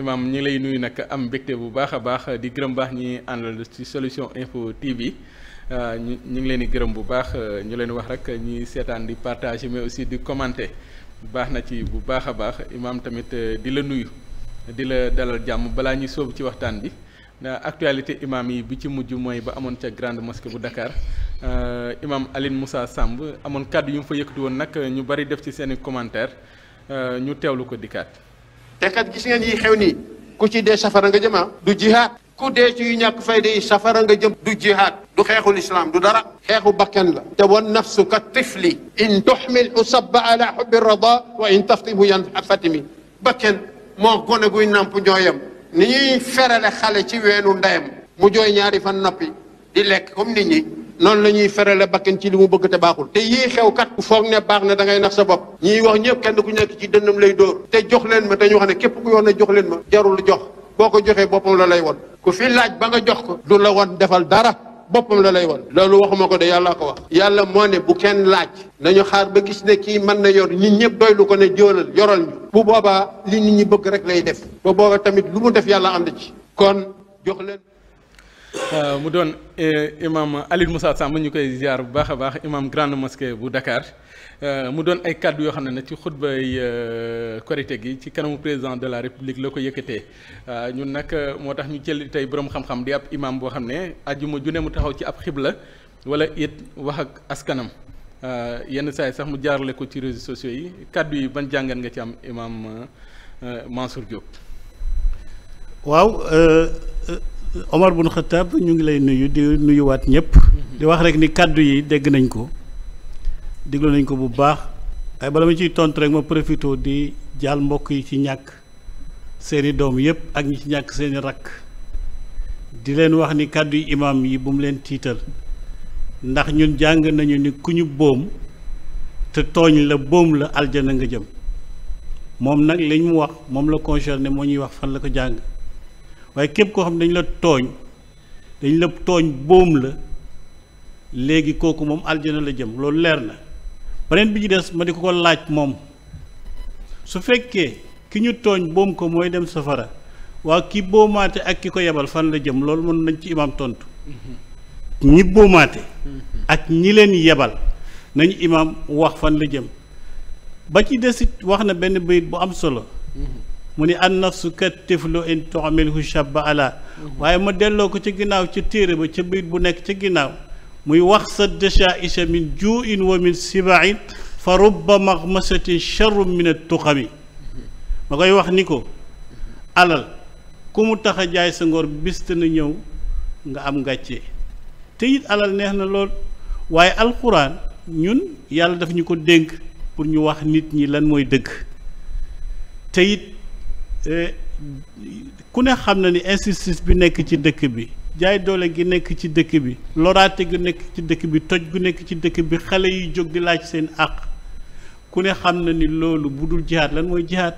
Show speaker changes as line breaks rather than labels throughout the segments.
imaam ñu ngi lay nuyu nag am mbégte bu baax a baax di gërëm baax ñi àndal ci solution info TV euh, ñu ñu ngi leen di gërëm bu baax ñu leen wax rek ñuy seetaan di partager mais aussi di commenter baax na ci bu baax a baax imaam tamit euh, di la nuyu di la dalal jàmm balaa ñuy sóobu ci waxtaan bi euh, actualité imaam yi bi ci mujj mooy ba amoon ca grande mosquée bu Dakar imaam Aline Moussa Samb amoon kàddu yu mu fa yëkkati woon nag ñu bari def ci seeni commentaire ñu teewlu ko dikkaat.
te kat gis yi xew nii ku ci de safara nga jëm ah, du jihaad ku dee ci yu ñàkk fayda yi safara nga jëm du jihaad du xeexul islam du dara xeexu bakkan la te wan nafsu ka tifli in tuxmil usabba ala xubbi rada wa in taftimu yan fatimi bakkan moo gone guy nàmp ñooyam ni ñuy ferale xale ci weenu ndeyam mu jooy ñaari fan noppi di lekk comme nit ñi noon la ñuy ferale bakkan ci li mu bëgg te baaxul te yii xew kat ku foog ne baax na da ngay nax sa bopp ñiy wax ñëpp kenn ku nekk ci dënnam lay dóor te jox leen ma dañu wax ne képp ku yoon ne jox leen ma jarul jox boo ko joxee boppam la lay won ku fi laaj ba jox ko du la woon defal dara boppam la lay won loolu waxuma ko de yàlla ko wax yàlla moo ne bu kenn laaj nañu xaar ba gis ne kii mën na yor nit ñëpp doy lu ko ne jóolal yoral ñu bu boobaa li nit ñi bëgg rek lay def ba booba tamit lu mu def yàlla ànd ci kon
jox leen Euh, mu doon eh, imam Alioune Moussa Samb ñu koy ziar bu baax a baax imam grande mosquée bu Dakar euh, mu doon ay kàddu yoo xam ne na ci xutbay euh, korité gi ci kanamu président de la république la ko yëkkatee ñun nag moo tax ñu jël tey boroom xam-xam di ab imam boo xam ne ajjuma ju mu taxaw ci ab la wala it wax ak askanam yenn saa sax mu jaarale ko ci réseaux sociaux yi kàddu yi ban jàngat nga ci am imam Mansour Diop.
waaw. Omar bun Xattaab ñu ngi lay nuyu di nuyuwaat ñëpp. Mm-hmm. di wax rek ni kàddu yi dégg nañ ko déglu nañ ko bu baax waaye bala ma ciy tontu rek ma profité di jaal mbokk yi ci ñàkk seeni doom yëpp ak ñi ci ñàkk seeni rakk di leen wax ni kàddu yi imaam yi bu mu leen tiital ndax ñun jàng nañu ni ku ñu boom te tooñ la boom la aljana nga jëm moom nag li ñu mu wax moom la concerné moo ñuy wax fan la ko jàng waaye képp koo xam ne dañ la tooñ dañ la tooñ boom la léegi kooku moom aljana la jëm loolu leer na beneen bi ci des ma di ko ko laaj moom su fekkee ki ñu tooñ boom ko mooy dem safara waa ki boomaate ak ki ko yebal fan la jëm loolu mën nañ ci imaam tontu
mm-hmm.
ñi boomaate mm-hmm. ak ñi leen yebal nañu imaam wax fan la jëm ba ci desit wax na benn bayit bu am solo mu ne an nafsu kat tiflu in tuamilhu ba ala waaye ma delloo ko ci ginnaaw ca téere ba ca biit bu nekk ca ginnaaw muy wax sa dëcha isa min juu in wa min sibain fa rubba maxmasatin charru min atuqami ma koy wax ni ko alal ku mu tax a jaay sa ngor bis te na ñëw nga am ngàcce te it alal neex na lool waaye alxuraan ñun yàlla daf ñu ko dénk pour ñu wax nit ñi lan mooy dëgg te Euh, ku ne xam na ni injustice bi nekk ci dëkk bi jaay doole gi nekk ci dëkk bi loraate gi nekk ci dëkk bi toj gu nekk ci dëkk bi xale yi jóg di laaj seen àq ku ne xam na ni loolu bu dul jihaad lan mooy xobul jihaad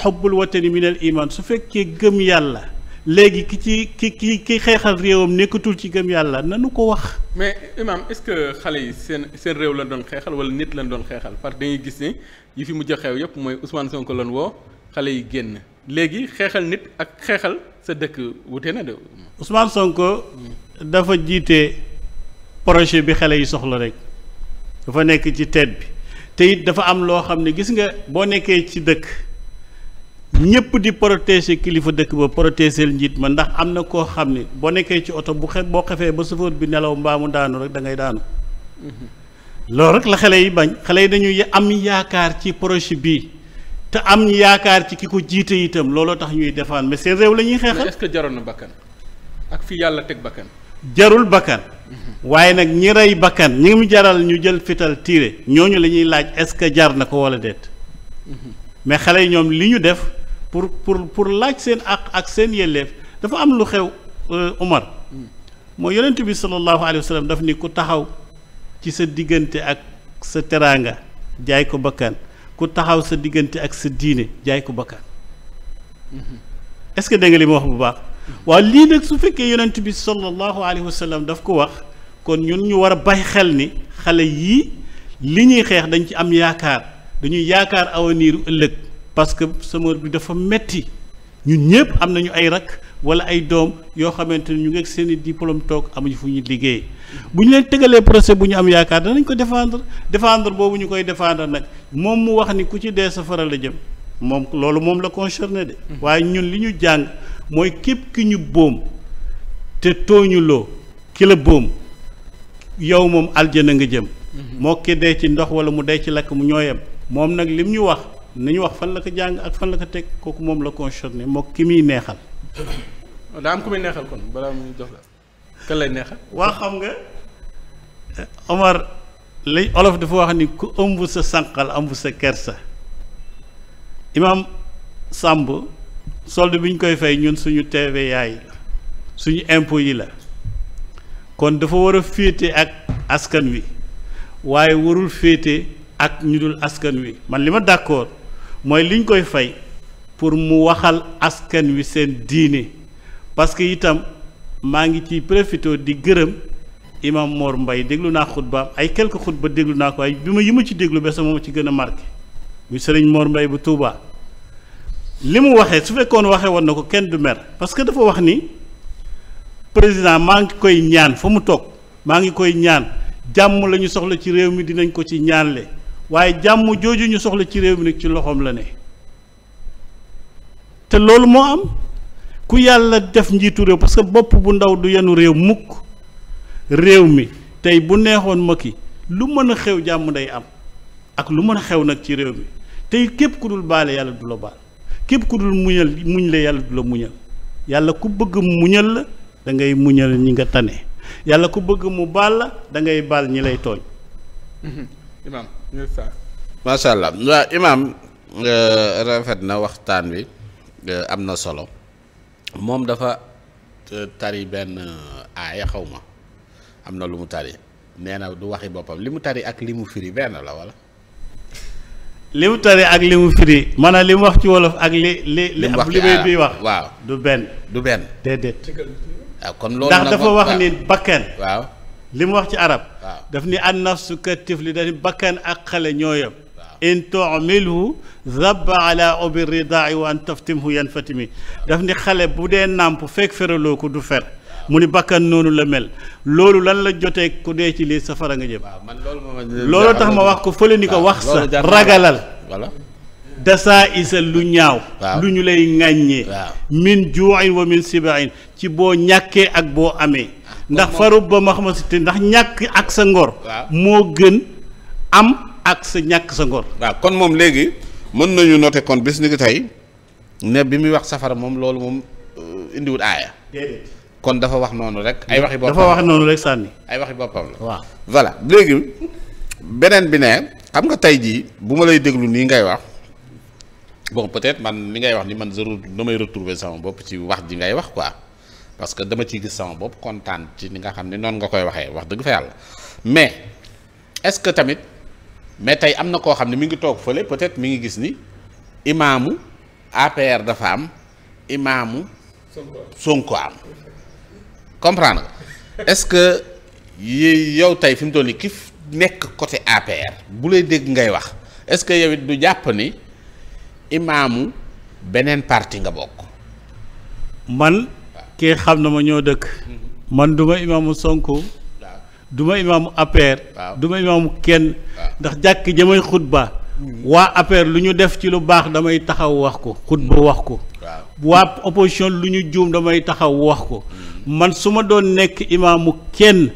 xobbul watani minal iman su fekkee gëm yàlla léegi ki ci ki ki ki xeexal réewam nekkatul ci gëm yàlla na nu ko wax.
mais imam est-ce que xale yi seen seen réew lañ doon xeexal wala nit lañ doon xeexal parce que dañuy gis ni yi fi mujj xew yëpp mooy Ousmane Sonko lañ woo. xale yi génn léegi xeexal nit ak xeexal sa dëkk wute na de.
Ousmane Sonko dafa jiite projet bi xale yi soxla rek dafa nekk ci teet bi te it dafa am loo xam ne gis nga boo nekkee ci dëkk ñëpp di protéger kilifa dëkk ba protéger njiit ma ndax am na koo xam ne boo nekkee ci oto bu xe boo xefee ba chauffeur bi nelaw mbaamu daanu rek da ngay daanu. Mhm. loolu rek la xale yi bañ xale yi dañuy am yaakaar ci projet bii. te am yaakaar ci ki ko jiite itam looloo tax ñuy defaan mais seen réew la ñuy xeexal. est-ce jaroon na
ak fi yàlla teg bakkan.
jarul bakkan mhm. waaye nag ñi rey bakkan ñi mu jaral ñu jël fital tiire ñooñu la ñuy laaj est-ce que jar na ko wala déet mhm. mais xale yi ñoom li ñu def pour pour pour laaj seen àq ak seen yelleef dafa am lu xew Umar euh, moo mhm. yonent bi sallallahu alayhi wa sallam ni ku taxaw ci sa diggante ak sa teraanga jaay ko bakkan ku taxaw sa diggante ak sa diine jaay ko bakkan est-ce que dégg nga li ma wax bu baax waaw lii nag su fekkee yonent bi sallallahu alayhi wa sallam daf ko wax kon ñun ñu war a bay xel ni xale yii li ñuy xeex dañ ci am yaakaar dañuy yaakaar niiru ëllëg parce que sama bi dafa metti ñun ñëpp am nañu ay rak wala ay doom yoo xamante ne ñu ngi seeni seen toog amuñu fu ñuy liggéey bu ñu leen tegalee procès bu ñu am yaakaar danañ ko défendre défendre boobu ñu koy défendre nag moom mu wax ni ku ci dee safaral la jëm moom loolu moom la concerné de. Mm-hmm. waaye ñun li ñu jàng mooy képp ki ñu boom te tooñuloo ki la boom yow moom aljana nga jëm. Mm-hmm. moo ki dee ci ndox wala mu dee ci lakk mu ñooyam moom nag lim ñu wax. nañu wax fan la ko jàng ak fan la ko teg kooku moom la concerné moo ki muy neexal.
daa am ku muy neexal kon balaa muy jox la kan lay neexal. waa
xam nga Omar lay olof dafa wax ni ku sànqal ëmb sa kersa imaam Samb solde bi ñu koy fay ñun suñu TVA yaay suñu impo yi la kon dafa war a féete ak askan wi waaye warul féete ak ñu dul askan wi man li ma d'accord mooy li ñu koy fay pour mu waxal askan wi seen diine parce que itam maa ngi ciy profité di gërëm imam moor mbay déglu naa xutbaam ay quelques xutba déglu naa ko ay bi ma yi ma ci déglu bés moom ci gën a marqué muy sëriñ Mor Mbaye bu Touba li mu waxee su fekkoon waxee woon na ko kenn du mer parce que dafa wax ni président maa ngi koy ñaan fa mu toog maa ngi koy ñaan jàmm lañu soxla ci réew mi dinañ ko ci ñaanle waaye jàmm jooju ñu soxla ci réew mi nag ci loxoom la ne te loolu moo am ku yàlla def njiitu réew parce bopp bu ndaw du yenu réew mukk réew mi tey bu neexoon ma ki lu mën a xew jàmm day am ak lu mën a xew nag ci réew mi tey képp ku dul baale yàlla du la baal képp ku dul muñal muñ la yàlla du la muñal yàlla ku bëgg la da ngay muñal ñi nga tane yàlla ku bëgg mu baal la dangay baal ñi lay tooñ
macha allah waaw imaam rafet na waxtaan wi am na solo moom dafa tari benn euh, aaya xawma am na lu mu tari nee na du waxi boppam li mu tari ak li mu firi benn la wala.
li mu tari ak li mu firi maanaam li mu wax ci wolof ak li li li ab li may bi waaw du benn du benn déedéet ah, kon loolu ndax dafa wax ni waaw li mu wax ci arab daf ni an nafsu ka tifli dañu bakkan ak xale ñooyam in tomilhu zaba ala obi ridaai wa an taftimhu yan fatimi daf ni xale bu dee nàmp fekk feraloo ko du fer mu ni bakkan noonu la mel loolu lan la jotee ku dee ci lii safara nga jëm
loolu tax ma wax ko fële ni ko wax sa ragalal
dasaa isa lu ñaaw lu ñu lay ŋàññee min juuin wa min sibain ci boo ñàkkee ak boo amee ndax farub ba ma si xamante ndax ñàkk ak sa ngor. moo gën am ak sa ñàkk sa
ngor. waaw kon moom léegi mën nañu noter kon bis ni ki tey ne bi muy wax safara moom loolu moom euh, indiwut aaya. kon dafa wax noonu rek. ay waxi boppam dafa wax noonu rek sànni. ay waxi boppam la waaw. voilà léegi beneen bi ne xam nga tey jii bu ma lay déglu nii ngay wax. bon peut-être man li ngay wax ni man je damay retrouver sama bopp ci wax ji ngay wax quoi parce que dama ciy gis sama bopp kontaan ci ni nga xam ne noonu nga koy waxee wax dëgg fa yàlla mais est-ce que tamit mais tey am na koo xam ne mi ngi toog fële peut-être mi ngi gis ni imaamu APR dafa am imaamu Sonko am comprendre nga est-ce que yow tey fi mu toll nii ki nekk côté APR bu lay dégg ngay wax est-ce que yow it du jàpp ni imaamu beneen parti nga bokk
kii xam na ma ñoo dëkk man duma imaamu Sonko duma imaamu APR duma imaamu kenn ndax jàkk jamay xutba hmm. waa APR lu ñu def ci lu baax damay taxaw wax ko xutba hmm. wax ko waa opposition lu ñu juum damay taxaw wax ko hmm. man su ma doon nekk imaamu kenn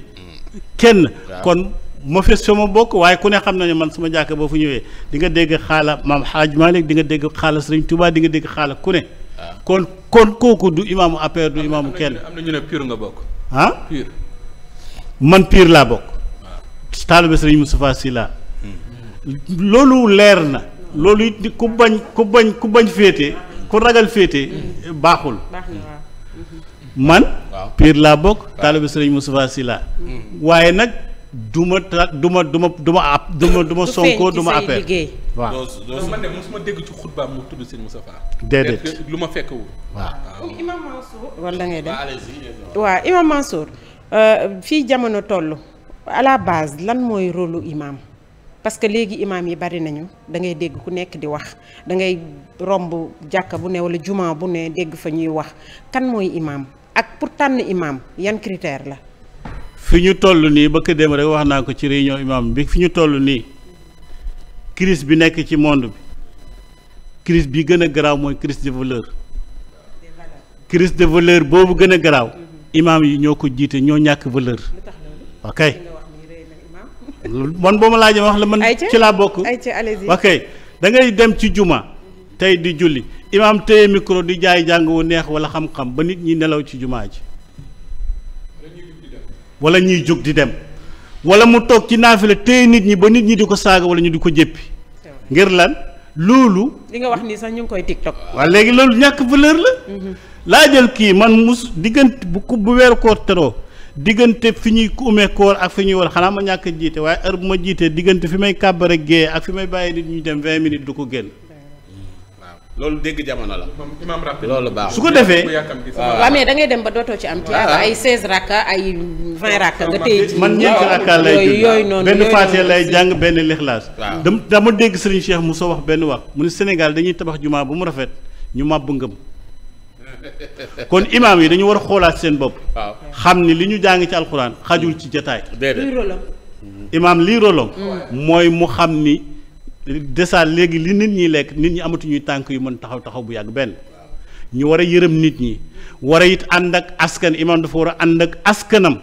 kenn kon ma fes fa ma bokk waaye ku ne xam na ne man sama jàkk ba fu ñëwee di nga dégg xaala maam Haaj Malick di nga dégg xaala Sëriñ Tuubaa di nga dégg xaala ku ne kon kon kooku du imaamu APR du imaamu kel am na ñu ne pur nga bokk. ah pur. man pur laa bokk. Ah. taalibe Sëriñ Moustapha Sy laa loolu leer na. loolu it ku bañ ku bañ ku bañ féete ku ragal féete baaxul. man. pur laa bokk. taalibe Sëriñ Moustapha Sy laa mm. waaye nag. du ma tra du ma du ma du ma ab du ma du ma Sonko du ma appel
waaw loolu man de mosuma dégg ci xutba mu tudd sëñ Moustapha déedéet lu ma fekk wu
waaw Imam Mansour wala ngay dem waaw Imam Mansour fii jamono toll à la base lan mooy rôle imam parce que léegi imam yi bari nañu da ngay dégg ku nekk di wax da ngay romb jàkka bu ne wala juma bu ne dégg fa ñuy wax kan mooy imam ak pour tànn imam yan critère la
fi ñu toll nii ba dem rek wax naa ko ci réunion imam bi fi ñu tollu nii crise bi nekk ci monde bi crise bi gën a garaaw mooy crise de valeur crise de valeur boobu gën a garaaw imam yi ñoo ko jiite ñoo ñàkk valeur ok man boo ma laajee wax la man ci laa bokk ok da ngay dem ci jumaa tey di julli imam téye micro di jaay jàng wu neex wala xam-xam ba nit ñi nelaw ci jumaa ji wala ñuy jóg di dem wala mu toog ci naafila téye nit ñi ba nit ñi di ko saaga wala ñu di ko jéppi ngir lan loolu.
li nga wax nii sax ñu ngi koy tiktok.
waa léegi loolu ñàkk valeur la. Mhm. laa jël kii man mu diggante bu ku bu weeru koor teroo diggante fi ñuy umee koor ak fi ñuy war xanaa ma ñàkk jiite waaye heure bu ma jiitee diggante fi may kàbbare gée ak fi may bàyyi nit ñuy dem vingt minutes du ko génn.
loolu dégg jamono la.
baax su ko defee. Ah. waaw mais
da ngay dem ba dootoo ci am. tiyaaba ah. ay 16 rakka ay 20 rakka nga tey. man ñeenti rakka lay yooyu noonu benn Faatiha lay jàng
benn lixlaas. waaw dama dama dégg Serigne Cheikh Moussa wax benn wax mu ne Sénégal dañuy tabax jumaa bu mu rafet ñu màbb ngëm. kon imaam yi dañu war a xoolaat seen bopp. xam ni li ñu jàng ci alxuraan xajul mm. ci jataay. déedéet imaam lii rolam mm. mooy mu xam ni. dèjà léegi li nit ñi lekk nit ñi amatuñuy tànk yu mën taxaw taxaw bu yàgg benn ñu war a yërëm nit ñi war a it ànd ak askan imaam dafa war a ànd ak askanam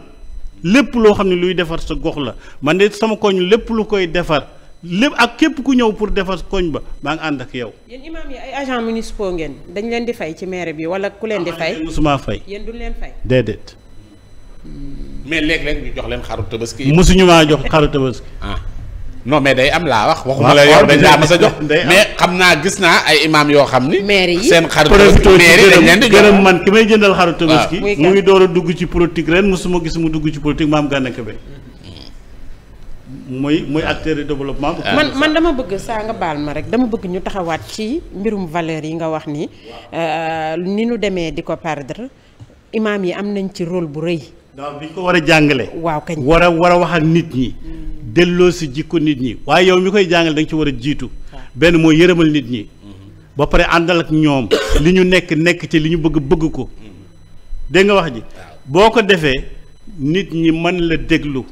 lépp loo xam ne luy defar sa gox la man de sama koñ lépp lu koy defar lépp ak képp ku ñëw pour defar koñ ba maa ngi ànd ak yow.
yéen imaam yi ay agents municipaux ngeen dañ leen di fay ci maire bi wala ku leen di fay. Ah, musuma fay yéen duñ leen fay.
déedéet.
mais léeg-léeg ñu jox leen xaru tabaski. mosuñu maa jox xaru
tabaski. Ah.
non mais day am laa wax waxuma la yow dañ laa mas jox mais xam naa gis naa ay imaam yoo xam ni maire yi seen xaru maire dañ
leen di gërëm man may jëndal xaru tabaski mu ngi a dugg ci politique ren musuma gis mu dugg ci politique maam Gana Kebe mooy mooy acteur de développement man
dama bëgg saa nga baal ma rek dama bëgg ñu taxawaat ci mbirum valeur yi nga wax ni euh, ni nu demee di ko perdre imaam yi am nañ ci role bu rëy waaw bi ko war a jàngale
waaw kañ war a war a wax ak nit ñi mm. delloo si jikko nit ñi waaye yow mi koy jàngal da ci war a jiitu benn mooy yërëmal nit ñi ba pare àndal ak ñoom li ñu nekk nekk ci li ñu bëgg bëgg ko dégg nga wax ji boo ko defee nit ñi man la déglu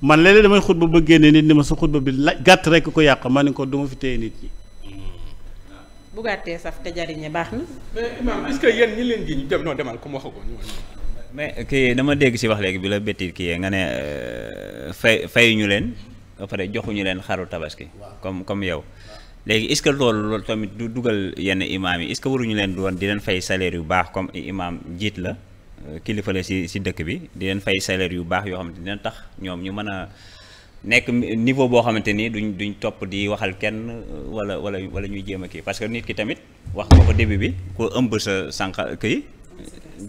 man léeg-léeg damay xutba ba génne nit ni ma sa xutba bi la gàtt rekk ko yàq ma ne
ko du fi téye nit ñi
bu gàttee saf te jariñe na mais que yéen ñi leen
gi ñu dem non demal
mais kii dama dégg si wax léegi bi la bétti kii nga ne euh, fay fayuñu leen ba pare joxuñu leen xaru tabaski. comme comme yow. léegi est-ce que loolu loolu tamit du dugal yenn imaam yi est que waruñu leen doon di leen fay salaire yu baax comme imaam jiit la euh, kilifa la si si dëkk bi di leen fay salaire yu baax yoo xamante dina tax ñoom ñu mën a nekk niveau boo xamante ni duñ duñ topp di waxal kenn wala wala wala ñuy jéem a kii parce que nit ki tamit wax nga ko début bi ku ëmb sa sànq kii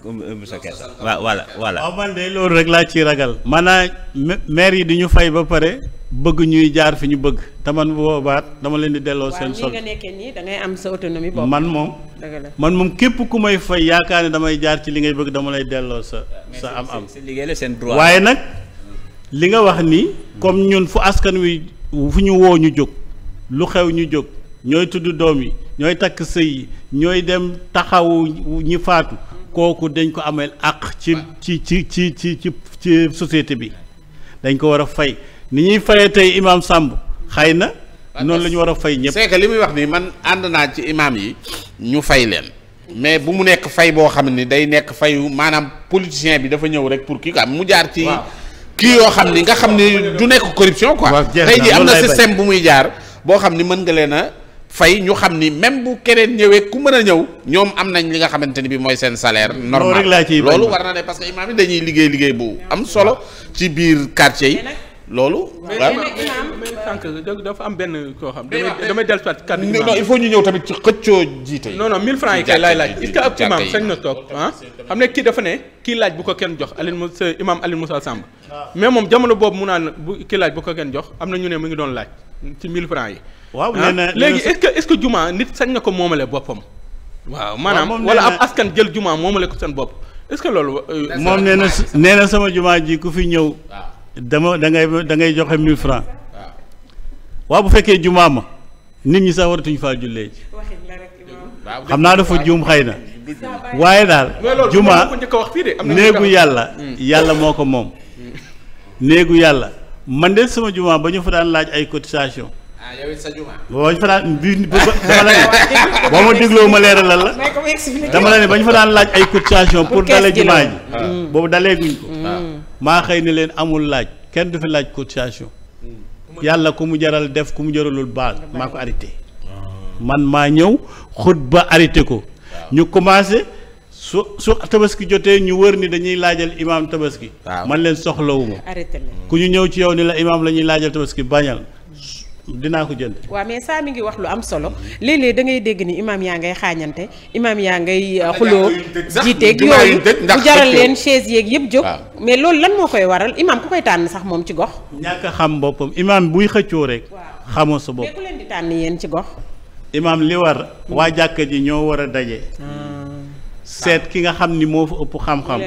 ëmb sa kersa waaw voilà voilà ah, man
de loolu rek laa ciy ragal maanaam maire yi di ñu fay ba pare bëgg ñuy jaar fi ñu bëgg te man boobaat dama leen di delloo seen sol
nga am sa autonomie man moom
man moom képp ku may fay yaakaar ne damay jaar ci li ngay bëgg dama lay delloo sa sa am am liggéey la seen waaye nag li nga wax ni comme ñun fu askan wi fu ñu woo ñu jóg lu xew ñu jóg ñooy tudd doom yi ñooy takk sëy yi ñooy dem taxawu ñi faatu kooku dañ ko ameel àq ci ci ci ci ci ci ci société bi dañ ko war a fay ni ñuy faree tey imaam sàmb xëy na noonu la ñu war a fay ñëpp c'est li muy wax nii man ànd naa ci imaam yi ñu fay leen mais bu
mu nekk fay boo xam ni day nekk fayu maanaam politicien bi dafa ñëw rek pour kii am mu jaar ci kii yoo xam ni nga xam ni du nekk corruption quoi tey ji am na système bu muy jaar boo xam ni mën nga leen a fay ñu xam ni même bu keneen ñëwee ku mën a ñëw ñoom am nañ li nga xamante ni bi mooy seen salaire normal loolu war na ne parce que imaam yi dañuy liggéey liggéey bu am solo ci biir quartier yi loolu. waaw
mais sànq dafa am benn koo xam. damay damay dellusiwaat kàddu gi. il faut
ñu ñëw tamit ci xëccoo jiite yi. non non 1000 francs yi kay laay laaj est-ce ab imam sañ
na toog ah? xam ne kii dafa ne kii laaj bu ko kenn jox Alioune Moussa imam Alioune Moussa Samb. Ah. mais moom jamono boobu mu naan bu kii laaj bu ko kenn jox am na ñu ne mu ngi doon laaj ci mi francs yi
waaw ah, nee léegi
est-ce que est nit sañ na ko moomale boppam. waaw maanaam wala am askan jël jumaa moomale ko seen bopp est-ce que loolu. Euh, moom nee na
nee na sama juma ji ku fi ñëw. Ah. dama da ngay da ngay joxe 1000 francs ah. waaw bu fekkee jumaa ma nit ñi sax waratuñ faa jullee ji.
xam naa dafa juum
xëy na. waaye daal juma
néegu yàlla. Hmm.
yàlla moo ko moom. Hmm. néegu yàlla man de sama juma ba ñu fa daan laaj ay cotisation Ah, yow it sa juma. boo ñu fa daan bi dama la ne boo ma dégloo ma leeralal la.
dama la ne ba ñu fa daan laaj
ay cotisation pour dalee jumaa ji. Ah. Hmm. boobu dalee guñ ah. maa xëy ne leen amul laaj kenn du fi laaj cotisation. Hmm. yàlla ku mu jaral def ku mu jaralul baal maa ko arrêté. man maa ñëw xut ba arrêté ko. ñu commencé su su tabaski jotee ñu wër ni dañuy laajal imaam tabaski. man leen soxlawuma. arrêté ku ñu ñëw ci yow ni la imaam la ñuy laajal tabaski bañal. dinaa ko jënd.
waa mais saa mi ngi wax lu am solo léeg-léeg da ngay dégg ni imaam yaa ngay xaañante imaam yaa ngay. Euh, xuloo jiiteeg yooyu bu jaral leen chaise yéeg yëpp jóg. Ah. mais loolu lan moo koy waral imaam ku koy tànn sax moom ci gox.
ñàkk xam boppam imaam buy xëccoo rek. xamoo sa bopp mais ku
leen di tànn yéen ci gox.
imaam li war waa jàkka ji ñoo war a daje. Ah. seet ki nga xam ni moo fa ëpp xam-xam.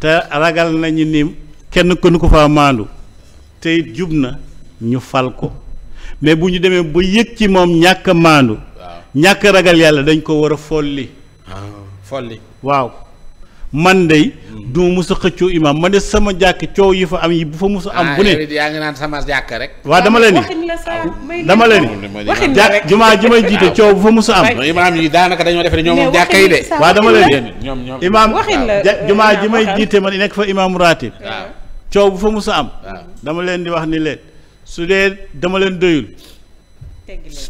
te ragal nañu nii kenn kënu ko fa maandu. te jub na ñu fal ko. mais bu ñu demee ba yëg ci moom ñàkk a maandu. ñàkk ragal yàlla dañ ko war a folli. Ah, folli waaw. man de. Hmm. du ma mus a xëccoo imaam man de sama jàkk coow yi fa am yi bu fa mus a am. Ah, bu ne
yaa ngi naan sama jàkk rek. waaw dama leen ni dama leen ni jàkk
jumaa ji may jiite coow bu fa mus a am. imaam yi daanaka dañoo def ne ñoom moom jàkka yi de. waaw dama leen ni imaam jumaa ji may jiite man nekk fa imaam ratib coow bu fa mus a am. dama leen di wax ni leen. su dee dama leen doyul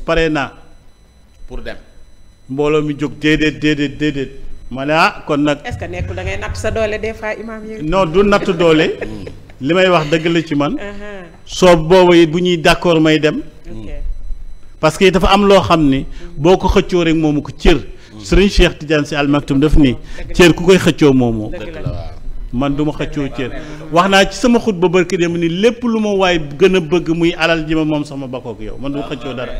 pare naa pour dem mbooloo mi jóg déedéet déedéet déedéet ma ne ah kon nag.
est-ce que nekkul da ngay natt sa doole des fois imaam
du natt doole mm. li may wax dëgg la ci man. Uh-huh. soo boobu it bu ñuy d'accord may dem. parce que dafa am loo xam ni mm. boo ko xëccoo rek moomu ko cër. Mm. Serigne Cheikh Tidiane Sy Al Maktoum daf ni cër ku koy xëccoo moomoo. man du ma xëccoo cër wax naa ci sama xut ba barki dem ni lépp lu ma waay gën a bëgg muy alal ji ma moom sama bakkook yow man du xëccoo dara.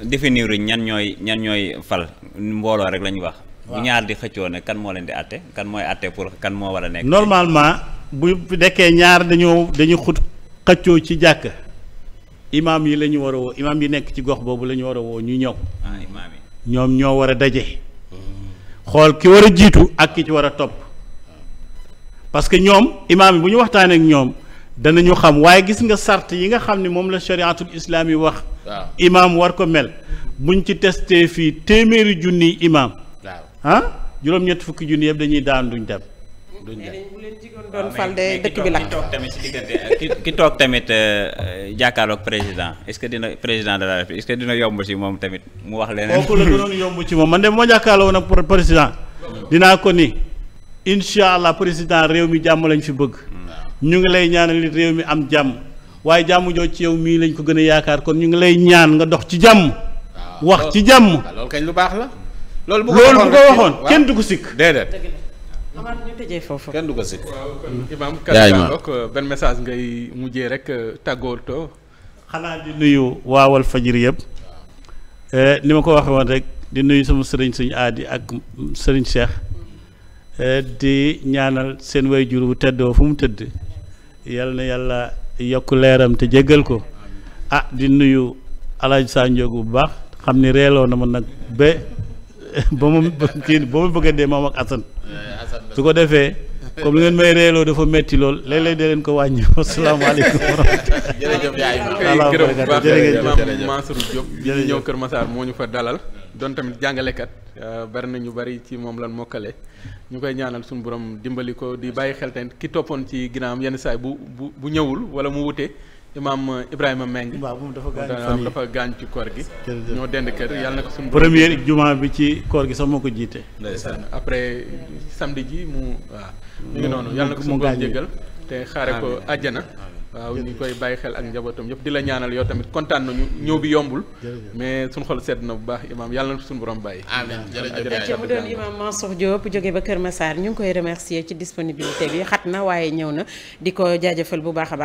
defe définir ñan ñooy ñan ñooy fal mbooloo rek la wax. bu ñaar di xëccoo ne kan moo leen di àtte kan mooy àtte pour kan moo war a nekk.
normalement bu dekkee ñaar dañoo dañu xut xëccoo ci jàkk
imam yi lañu war a woo imaam
yi nekk ci gox boobu lañu war a woo ñu ñëw. Ah, ñoom ñoo war a daje. Mm-hmm. xool ki war a jiitu ak ki ci war a topp. parce que ñoom imaam yi bu ñu waxtaanee ak ñoom danañu xam waaye gis nga sart yi nga xam ne moom la chariatul islam yi wax. imaam war ko mel buñ ci testé fii téeméeri junniy imaam. waaw ah juróom-ñett fukki junni yëpp dañuy daan duñ dem.
duñ dëkk bi lakk toog tamit si diggante
ki toog tamit euh, jàkkaarloog président est-ce que dina président de la République est dina yomb ci moom tamit mu wax leneen. kooku la gënoon
yomb ci moom man de moo jàkkaarloo woon ak président dinaa ko ni. incha allah président réew mi jàmm lañu fi bëgg hmm. ñu ngi lay ñaanal it réew mi am jàmm waaye jàmm joo ci yow mii lañ ko gën a yaakaar kon ñu ngi lay ñaan nga dox ci jàmm wax ci jàmm ah,
loolu lu baax la loolu bu ko waxoon kenn du ko sikk déedéet amaat du ko sikk imaam kaddu
euh, benn message ngay mujjee rek euh, tàggootoo
xanaa di nuyu waawal fajiri yëpp euh, ni ma ko waxee woon rek di nuyu sama sëriñ sëñ aadi ak sëriñ Cheikh Eh, di ñaanal seen way jur wu teddoo fu mu tëdd yal na yàlla yokk leeram te jéggal ko ah di nuyu alaaj saa njóogu bu baax xam ni reeloo na ma nag ba ba ma kii ba ma bëgg dee moom ak Assane eh, su ko defee comme lu ngeen may reeloo dafa metti lool léeg leen ko wàññi asalaamaaleykum
Kër Massar moo ñu fa dalal doon tamit jàngalekat euh, bari na ñu bari ci moom lan mokkale ñu koy ñaanal suñu borom dimbali ko di bàyyi xel tamit ki toppoon ci ginnaawam yenn saay bu bu bu ñëwul wala mu wute imaam Ibrahima Meng. waaw moom dafa gaañ fan dafa gaañ ci koor gi. ñoo dend kër yàlla na ko suñu. première
juma bi ci koor gi sax moo ko jiite. ndeysaan
après samedi ji mu. waaw mu ngi noonu yàlla na ko suñu borom te xaare ko àjjana. waaw ñu koy bàyyi xel ak njabootam yëpp di la ñaanal yoo tamit kontaan nañu ñëw bi yombul mais suñu xol sedd na bu baax imaam yàlla na suñu borom bàyyi amiin jërëjëf mu doon imaam
Mansour Diop jóge ba Kër Massar ñu ngi koy remercier ci disponibilité bi xat na waaye ñëw na di ko jaajëfal bu baax a baax